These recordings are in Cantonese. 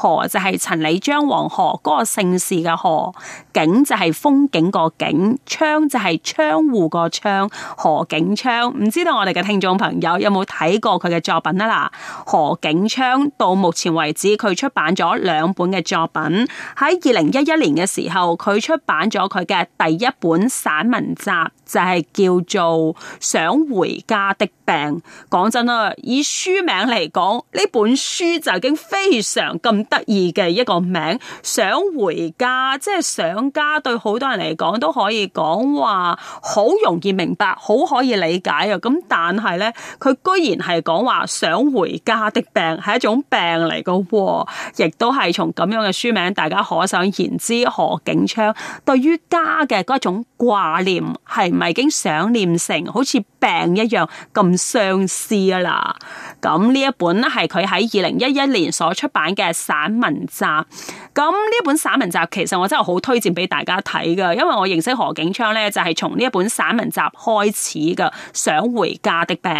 何就係陳李章黃何嗰，那個姓氏嘅何，景就係風景個景，窗就係窗戶個窗。何景窗，唔知道我哋嘅聽眾朋友有冇睇過佢嘅作品啊啦？何景窗到目前為止佢出版咗兩本嘅作品，喺二零一一年嘅時候佢出版咗佢嘅第一本散文集。就係叫做想回家的病。講真啦，以書名嚟講，呢本書就已經非常咁得意嘅一個名。想回家，即係想家，對好多人嚟講都可以講話好容易明白，好可以理解啊。咁但係呢，佢居然係講話想回家的病係一種病嚟嘅，亦都係從咁樣嘅書名，大家可想言之。何景窗對於家嘅嗰一種。掛念係咪已經想念成好似病一樣咁相思啦？咁呢一本咧係佢喺二零一一年所出版嘅散文集。咁呢本散文集其實我真係好推薦俾大家睇噶，因為我認識何景窗呢就係從呢一本散文集開始噶，《想回家的病》。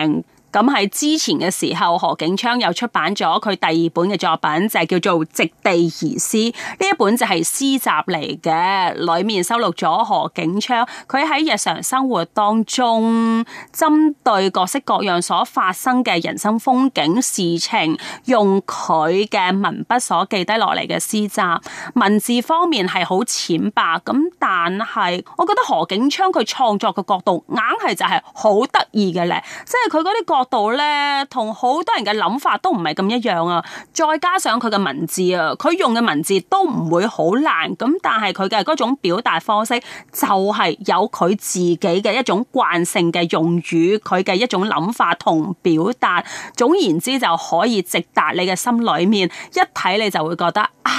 咁喺之前嘅時候，何景窗又出版咗佢第二本嘅作品，就係、是、叫做《席地而詩》。呢一本就係詩集嚟嘅，裏面收錄咗何景窗佢喺日常生活當中，針對各式各樣所發生嘅人生風景事情，用佢嘅文筆所記低落嚟嘅詩集。文字方面係好淺白，咁但係我覺得何景窗佢創作嘅角度，硬係就係好得意嘅咧，即係佢嗰啲個度咧，同好多人嘅諗法都唔係咁一樣啊！再加上佢嘅文字啊，佢用嘅文字都唔會好難咁，但係佢嘅嗰種表達方式就係有佢自己嘅一種慣性嘅用語，佢嘅一種諗法同表達，總言之就可以直達你嘅心裏面，一睇你就會覺得啊，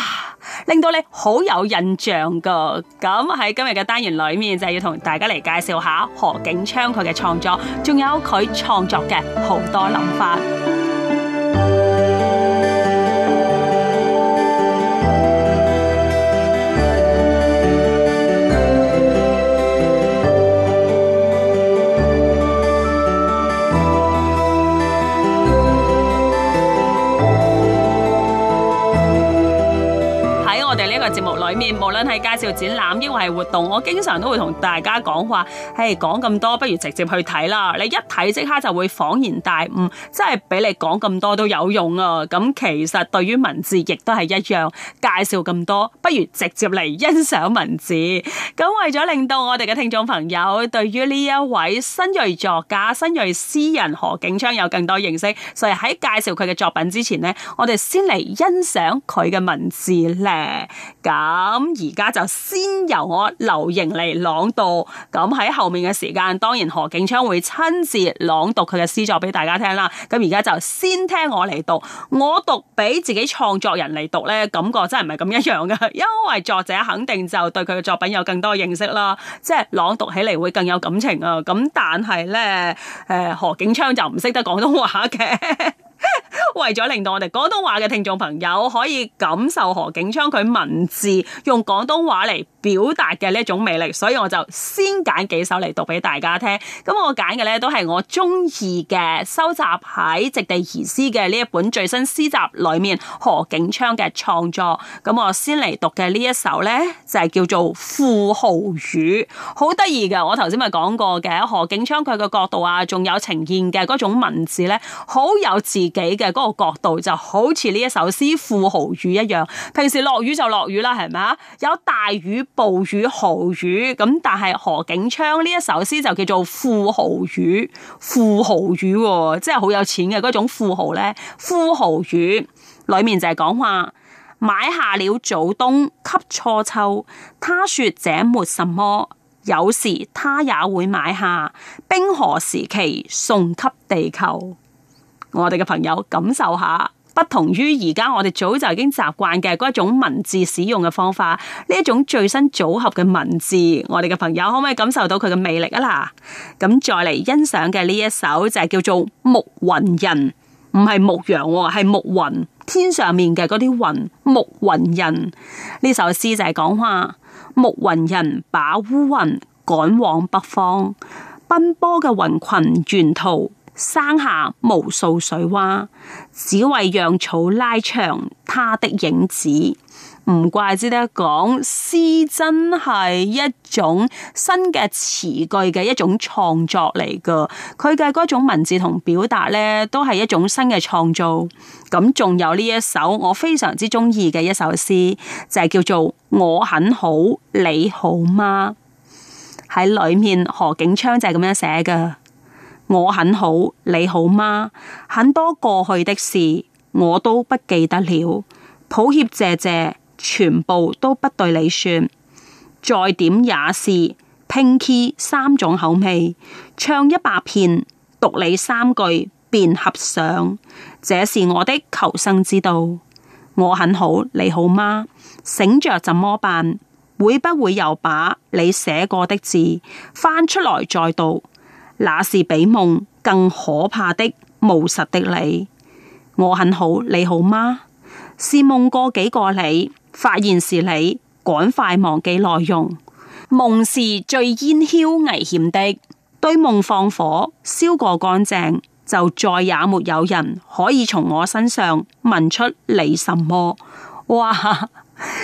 令到你好有印象噶。咁喺今日嘅單元裏面就要同大家嚟介紹下何景窗佢嘅創作，仲有佢創作嘅。好多諗法。呢個節目裏面，無論係介紹展覽，抑或係活動，我經常都會同大家講話，誒，講咁多，不如直接去睇啦。你一睇即刻就會恍然大悟，真係俾你講咁多都有用啊！咁其實對於文字亦都係一樣，介紹咁多，不如直接嚟欣賞文字。咁為咗令到我哋嘅聽眾朋友對於呢一位新銳作家、新銳詩人何景窗有更多認識，所以喺介紹佢嘅作品之前呢，我哋先嚟欣賞佢嘅文字咧。咁而家就先由我留瑩嚟朗讀，咁喺後面嘅時間，當然何景窗會親自朗讀佢嘅詩作俾大家聽啦。咁而家就先聽我嚟讀，我讀俾自己創作人嚟讀呢，感覺真係唔係咁一樣噶，因為作者肯定就對佢嘅作品有更多嘅認識啦，即係朗讀起嚟會更有感情啊。咁但係呢，誒，何景窗就唔識得廣東話嘅。 為咗令到我哋廣東話嘅聽眾朋友可以感受何景窗佢文字用廣東話嚟表達嘅呢一種魅力，所以我就先揀幾首嚟讀俾大家聽。咁我揀嘅呢都係我中意嘅，收集喺《席地而詩》嘅呢一本最新詩集裏面何景窗嘅創作。咁我先嚟讀嘅呢一首呢，就係、是、叫做《富豪魚》，好得意嘅。我頭先咪講過嘅，何景窗佢嘅角度啊，仲有呈現嘅嗰種文字呢，好有自己嘅。嗰個角度就好似呢一首詩富豪雨一樣，平時落雨就落雨啦，係咪啊？有大雨、暴雨、豪雨咁，但係何景窗呢一首詩就叫做富豪雨，富豪雨喎、哦，即係好有錢嘅嗰種富豪呢。「富豪雨裡面就係講話，買下了早冬給初秋，他說這沒什麼，有時他也會買下冰河時期送給地球。我哋嘅朋友感受下，不同於而家我哋早就已經習慣嘅嗰一種文字使用嘅方法，呢一種最新組合嘅文字，我哋嘅朋友可唔可以感受到佢嘅魅力啊？啦，咁再嚟欣賞嘅呢一首就係叫做《牧雲人》，唔係牧羊，哦，係牧雲，天上面嘅嗰啲雲，牧雲人呢首詩就係講話，牧雲人把烏雲趕往北方，奔波嘅雲群沿途。山下無數水窪，只為讓草拉長它的影子。唔怪之得講，詩真係一種新嘅詞句嘅一種創作嚟噶。佢嘅嗰種文字同表達呢，都係一種新嘅創造。咁仲有呢一首我非常之中意嘅一首詩，就係叫做《我很好，你好嗎》。喺裏面，何景窗就係咁樣寫噶。我很好，你好嗎？很多過去的事，我都不記得了。抱歉，謝謝，全部都不對，你說。再點也是拼 K 三種口味，唱一百遍，讀你三句便合上。這是我的求生之道。我很好，你好嗎？醒着怎麼辦？會不會又把你寫過的字翻出來再讀？那是比夢更可怕的務實的你，我很好，你好嗎？試夢過幾個你，發現是你，趕快忘記內容。夢是最煙囂危險的，對夢放火，燒過乾淨，就再也沒有人可以從我身上聞出你什麼。哇！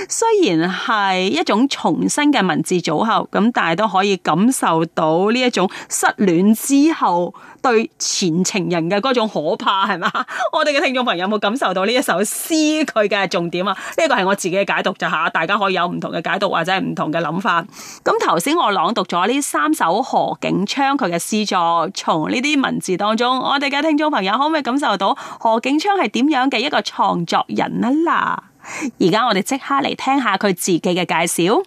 雖然係一種重新嘅文字組合，咁但係都可以感受到呢一種失戀之後對前情人嘅嗰種可怕，係嘛？我哋嘅聽眾朋友有冇感受到呢一首詩佢嘅重點啊？呢個係我自己嘅解讀就吓，大家可以有唔同嘅解讀或者係唔同嘅諗法。咁頭先我朗讀咗呢三首何景窗佢嘅詩作，從呢啲文字當中，我哋嘅聽眾朋友可唔可以感受到何景窗係點樣嘅一個創作人啊啦？而家我哋即刻嚟聽下佢自己嘅介紹。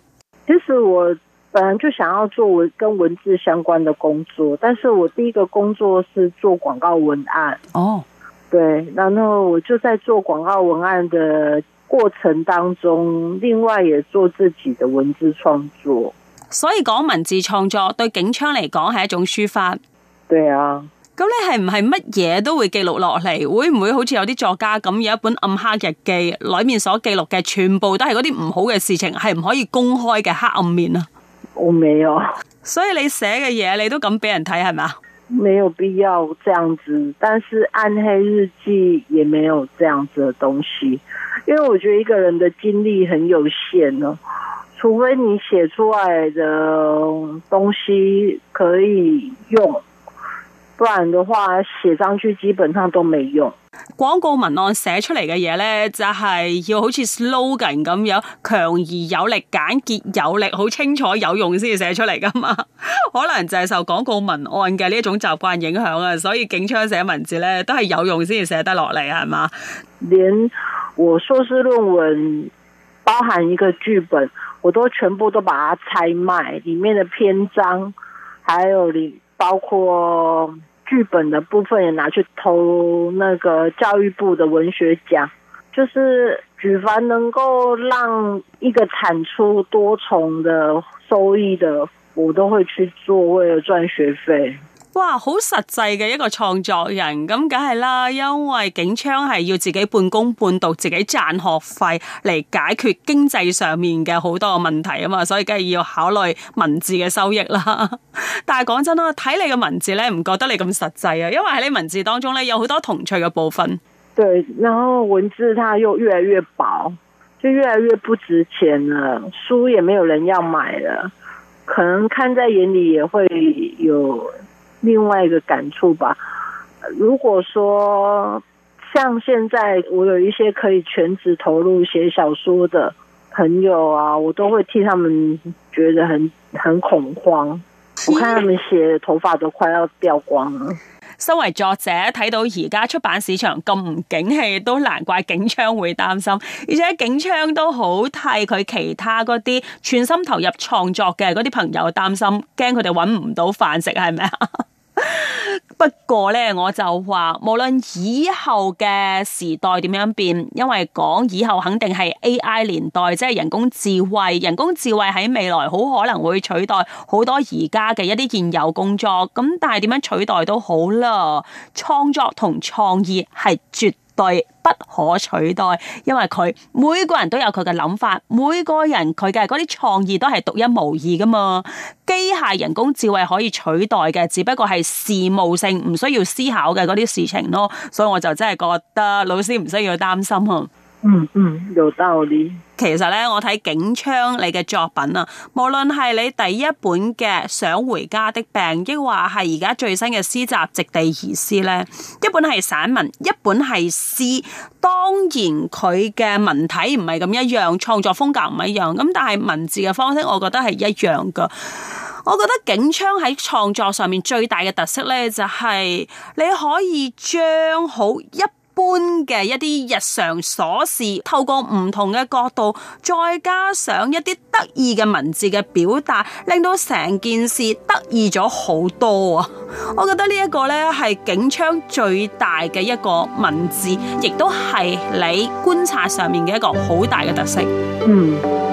其實我本來就想要做跟文字相關嘅工作，但是我第一個工作是做廣告文案。哦，對，然後我就在做廣告文案的過程當中，另外也做自己的文字創作。所以講文字創作對景窗嚟講係一種抒發。對啊。咁你係唔係乜嘢都會記錄落嚟？會唔會好似有啲作家咁有一本暗黑日記，裏面所記錄嘅全部都係嗰啲唔好嘅事情，係唔可以公開嘅黑暗面啊？我沒有，所以你寫嘅嘢你都敢俾人睇係咪？沒有必要這樣子，但是暗黑日記也沒有這樣子嘅東西，因為我覺得一個人嘅精力很有限咯啊，除非你寫出來嘅東西可以用。不然的話寫上去基本上都沒用。廣告文案寫出嚟嘅嘢咧，就係、是、要好似 slogan 咁樣強而有力、簡潔有力、好清楚、有用先至寫出嚟噶嘛。 可能就係受廣告文案嘅呢一種習慣影響啊，所以景窗寫文字咧都係有用先至寫得落嚟係嘛。連我碩士論文包含一個劇本，我都全部都把它拆賣裡面嘅篇章，還有你包括。劇本的部分也拿去投那個教育部的文學獎，就是舉凡能夠讓一個產出多重的收益的，我都會去做，為了賺學費。哇，好實際嘅一個創作人，咁梗係啦，因為景窗係要自己半工半讀，自己賺學費嚟解決經濟上面嘅好多問題啊嘛，所以梗係要考慮文字嘅收益啦。 但係講真啦，睇你嘅文字咧，唔覺得你咁實際啊，因為喺你文字當中咧，有好多童趣嘅部分。對，然後文字它又越來越薄，就越嚟越不值錢啦，書也沒有人要買了，可能看在眼裏也會有另外一個感觸吧，如果說像現在我有一些可以全職投入寫小說的朋友啊，我都會替他們覺得很很恐慌。我看他們寫的頭髮都快要掉光了。身為作者睇到而家出版市場咁唔景氣，都難怪景窗會擔心，而且景窗都好替佢其他嗰啲全心投入創作嘅嗰啲朋友擔心，驚佢哋搵唔到飯食，係咪啊？ 不過咧，我就話無論以後嘅時代點樣變，因為講以後肯定係 AI 年代，即係人工智慧，人工智慧喺未來好可能會取代好多而家嘅一啲現有工作。咁但係點樣取代都好啦，創作同創意係絕。對，不可取代，因為佢每個人都有佢嘅諗法，每個人佢嘅嗰啲創意都係獨一無二噶嘛。機械人工智慧可以取代嘅，只不過係事務性，唔需要思考嘅嗰啲事情咯。所以我就真係覺得老師唔需要擔心啊。嗯嗯，有道理。其實咧，我睇景窗你嘅作品啊，無論係你第一本嘅《想回家的病》，抑或係而家最新嘅詩集《席地而詩》咧，一本係散文，一本係詩。當然佢嘅文體唔係咁一樣，創作風格唔一樣。咁但係文字嘅方式我，我覺得係一樣噶。我覺得景窗喺創作上面最大嘅特色咧，就係、是、你可以將好一般嘅一啲日常瑣事，透過唔同嘅角度，再加上一啲得意嘅文字嘅表達，令到成件事得意咗好多啊！我覺得呢一個呢，係景窗最大嘅一個文字，亦都係你觀察上面嘅一個好大嘅特色。嗯。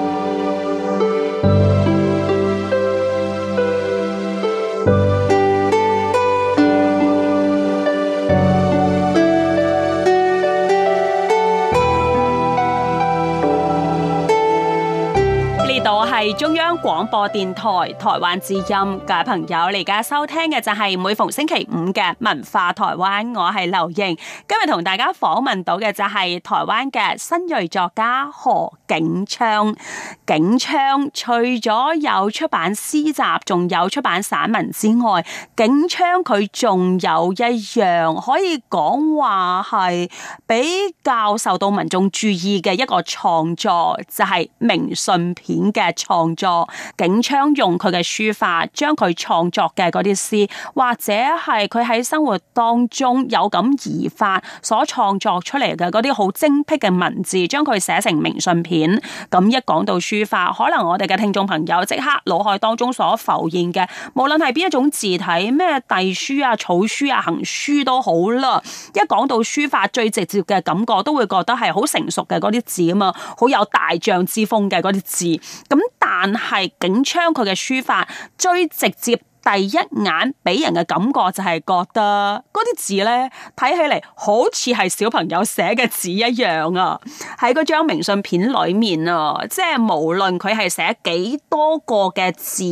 中央廣播電台台灣之音，各位朋友，你而家收聽嘅就係每逢星期五嘅文化台灣，我係劉瑩，今日同大家訪問到嘅就係台灣嘅新銳作家何景窗。景窗除咗有出版詩集，仲有出版散文之外，景窗佢仲有一樣可以講話係比較受到民眾注意嘅一個創作，就係明信片嘅創。創作，景窗用佢嘅書法，將佢創作嘅嗰啲詩，或者係佢喺生活當中有感而發所創作出嚟嘅嗰啲好精闢嘅文字，將佢寫成明信片。咁一講到書法，可能我哋嘅聽眾朋友即刻腦海當中所浮現嘅，無論係邊一種字體，咩隸書啊、草書啊、行書都好啦。一講到書法，最直接嘅感覺都會覺得係好成熟嘅嗰啲字啊嘛，好有大將之風嘅嗰啲字。咁但係景窗佢嘅書法最直接。第一眼俾人嘅感覺就係覺得嗰啲字呢，睇起嚟好似係小朋友寫嘅字一樣啊！喺嗰張明信片裏面啊，即係無論佢係寫幾多個嘅字，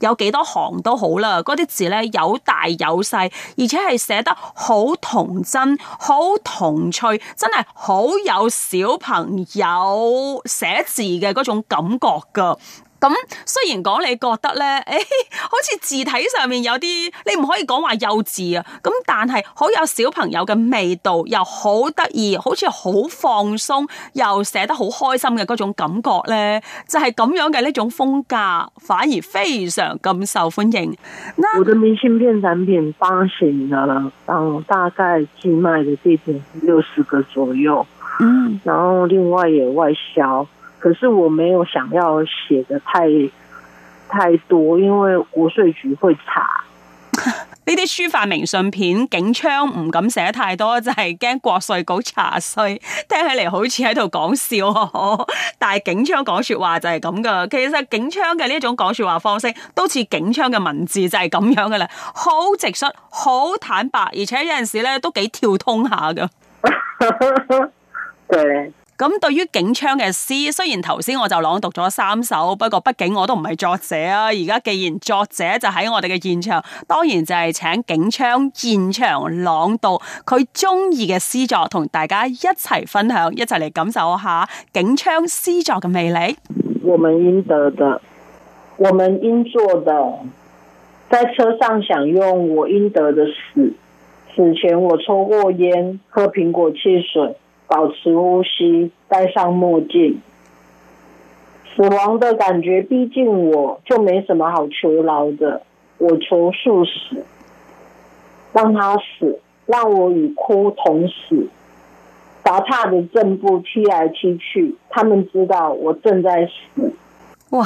有幾多行都好啦，嗰啲字呢有大有細，而且係寫得好童真、好童趣，真係好有小朋友寫字嘅嗰種感覺噶。咁雖然講你覺得咧，誒、哎，好似字體上面有啲，你唔可以講話幼稚啊，咁但係好有小朋友嘅味道，又好得意，好似好放鬆，又寫得好開心嘅嗰種感覺咧，就係、是、咁樣嘅呢種風格，反而非常咁受歡迎。我的明信片產品八成㗎啦，但後大概寄賣嘅地點六十個左右，嗯，然後另外有外銷。可是我沒有想要寫得太太多，因為國稅局會查呢啲 書法明信片。景窗唔敢寫太多，就係、是、驚國稅局查稅。聽起嚟好似喺度講笑， 但係景窗講說話就係咁噶。其實景窗嘅呢種講說話方式，都似景窗嘅文字就係咁樣噶啦，好直率，好坦白，而且有陣時咧都幾跳通下噶。 對。咁對於景窗嘅詩，雖然頭先我就朗讀咗三首，不過畢竟我都唔係作者啊。而家既然作者就喺我哋嘅現場，當然就係請景窗現場朗讀佢中意嘅詩作，同大家一齊分享，一齊嚟感受下景窗詩作嘅魅力。我們應得的，我們應做的，在車上享用我應得的事。此前我抽過煙，喝蘋果汽水。保持呼吸，戴上墨鏡。死亡的感覺，畢竟我就沒什麼好求饒的，我求速死，讓他死，讓我與哭同死。打岔的正步踢來踢去，他們知道我正在死。哇，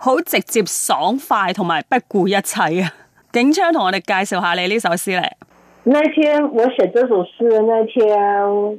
好直接爽快，同埋不顧一切啊！景窗同我哋介紹下你呢首詩咧。那天我寫這首詩的那天。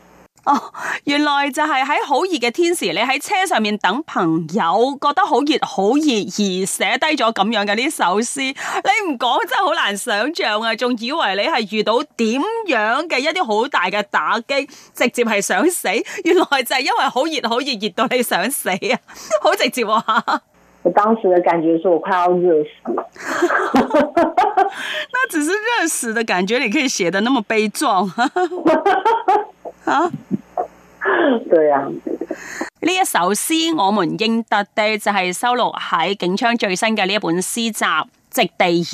哦，原來就係喺好熱嘅天時，你喺車上面等朋友，覺得好熱好熱而寫低咗咁樣嘅呢首詩。你唔講真係好難想象啊，仲以為你係遇到點樣嘅一啲好大嘅打擊，直接係想死。原來就係因為好熱好熱，熱到你想死啊，好直接啊！ 我當時嘅感覺是我快要熱死啦， 那只是熱死的感覺，你可以寫得那麼悲壯。 啊，對啊呀！呢一首詩，我們應得的就係收錄喺景窗最新嘅呢一本詩集。《席地，地而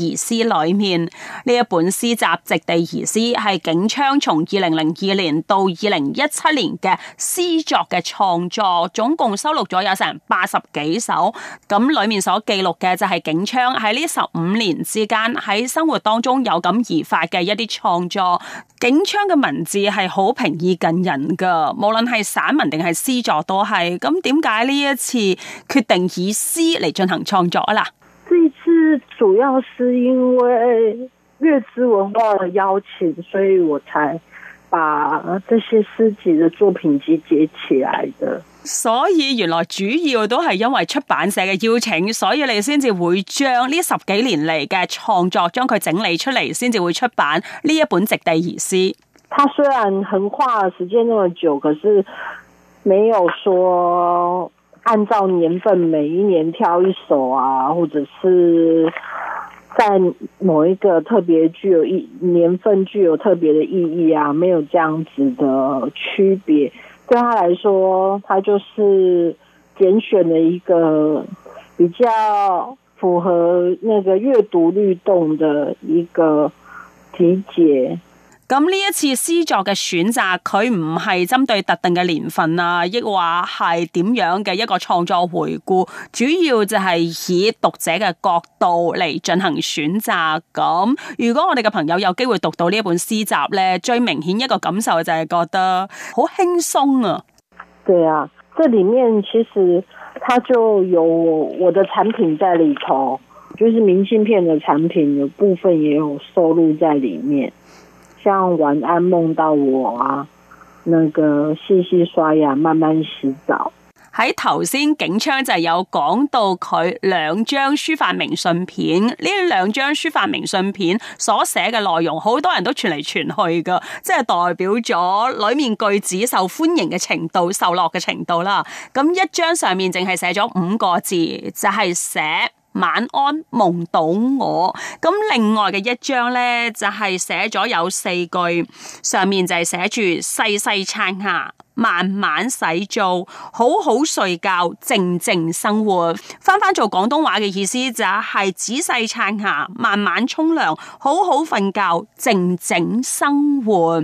詩》裏面呢一本詩集《席地而詩》係景窗從二零零二年到二零一七年嘅詩作嘅創作，總共收錄咗有成八十幾首。咁裏面所記錄嘅就係景窗喺呢十五年之間喺生活當中有感而發嘅一啲創作。景窗嘅文字係好平易近人噶，無論係散文定係詩作都係。咁點解呢一次決定以詩嚟進行創作啊？嗱？主要是因為粵之文化的邀請，所以我才把這些詩集的作品集結起來的。所以原來主要都係因為出版社嘅邀請，所以你先至會將呢十幾年嚟嘅創作將佢整理出嚟，先至會出版呢一本《席地而詩》。他雖然橫跨時間那麼久，可是沒有說。按照年份每一年挑一首啊，或者是在某一個特別具有意，年份具有特別的意義啊，沒有這樣子的區別。對他來說，他就是揀選了一個比較符合那個閱讀律動的一個集結。咁呢一次詩作嘅選擇，佢唔係針對特定嘅年份啊，亦或係點樣嘅一個創作回顧，主要就係以讀者嘅角度嚟進行選擇。咁、嗯、如果我哋嘅朋友有機會讀到呢一本詩集呢，最明顯一個感受就係覺得好輕鬆啊。對啊，這裡面其實它就有我的產品在裡頭，就是明信片嘅產品有部分也有收入在裡面。像晚安夢到我啊，那個細細刷牙，慢慢洗澡。喺頭先景窗就有講到佢兩張書法明信片，呢兩張書法明信片所寫嘅內容，好多人都傳嚟傳去噶，即係代表咗裏面句子受歡迎嘅程度、受落嘅程度啦。咁一張上面淨係寫咗五個字，就係寫。晚安，夢到我。咁另外嘅一張咧，就係、是、寫咗有四句，上面就係寫住「細細撐下」。慢慢洗澡，好好睡覺，靜靜生活。翻翻做廣東話嘅意思就係、是、仔細撐下，慢慢沖涼，好好瞓覺，靜靜生活。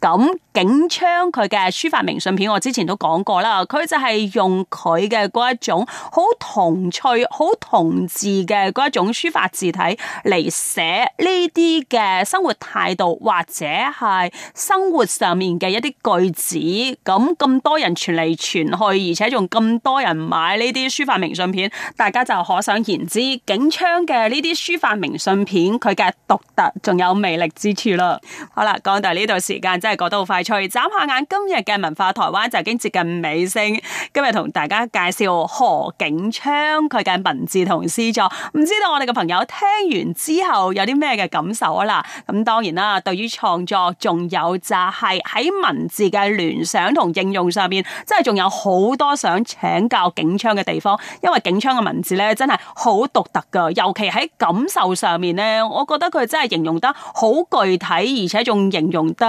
咁景昌佢嘅書法明信片，我之前都講過啦。佢就係用佢嘅一種好童趣、好童稚嘅一種書法字體嚟寫呢啲嘅生活態度，或者係生活上面嘅一啲句子。咁咁多人傳嚟傳去，而且仲咁多人買呢啲書法明信片，大家就可想而知景窗嘅呢啲書法明信片佢嘅獨特仲有魅力之處啦。好啦，講到呢度時間真係過得好快脆，眨下眼，今日嘅文化台灣就已經接近尾聲，今日同大家介紹何景窗佢嘅文字同詩作，唔知道我哋嘅朋友聽完之後有啲咩嘅感受啊？啦，咁當然啦，對於創作仲有就係喺文字嘅聯想同。應用上面真係仲有好多想請教景窗嘅地方，因為景窗嘅文字咧真係好獨特噶，尤其喺感受上面咧，我覺得佢真係形容得好具體，而且仲形容得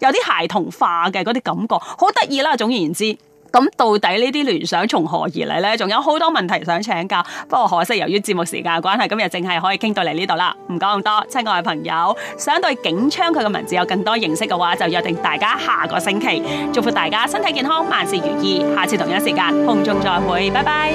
有啲孩童化嘅嗰啲感覺，好得意啦！總言之。咁到底呢啲聯想從何而嚟呢？仲有好多問題想請教，不過可惜由於節目時間關係，今日淨係可以傾到嚟呢度啦。唔講咁多，親愛嘅朋友，想對警槍景窗佢嘅文字有更多認識嘅話，就約定大家下個星期。祝福大家身體健康，萬事如意，下次同一時間空中再會，拜拜。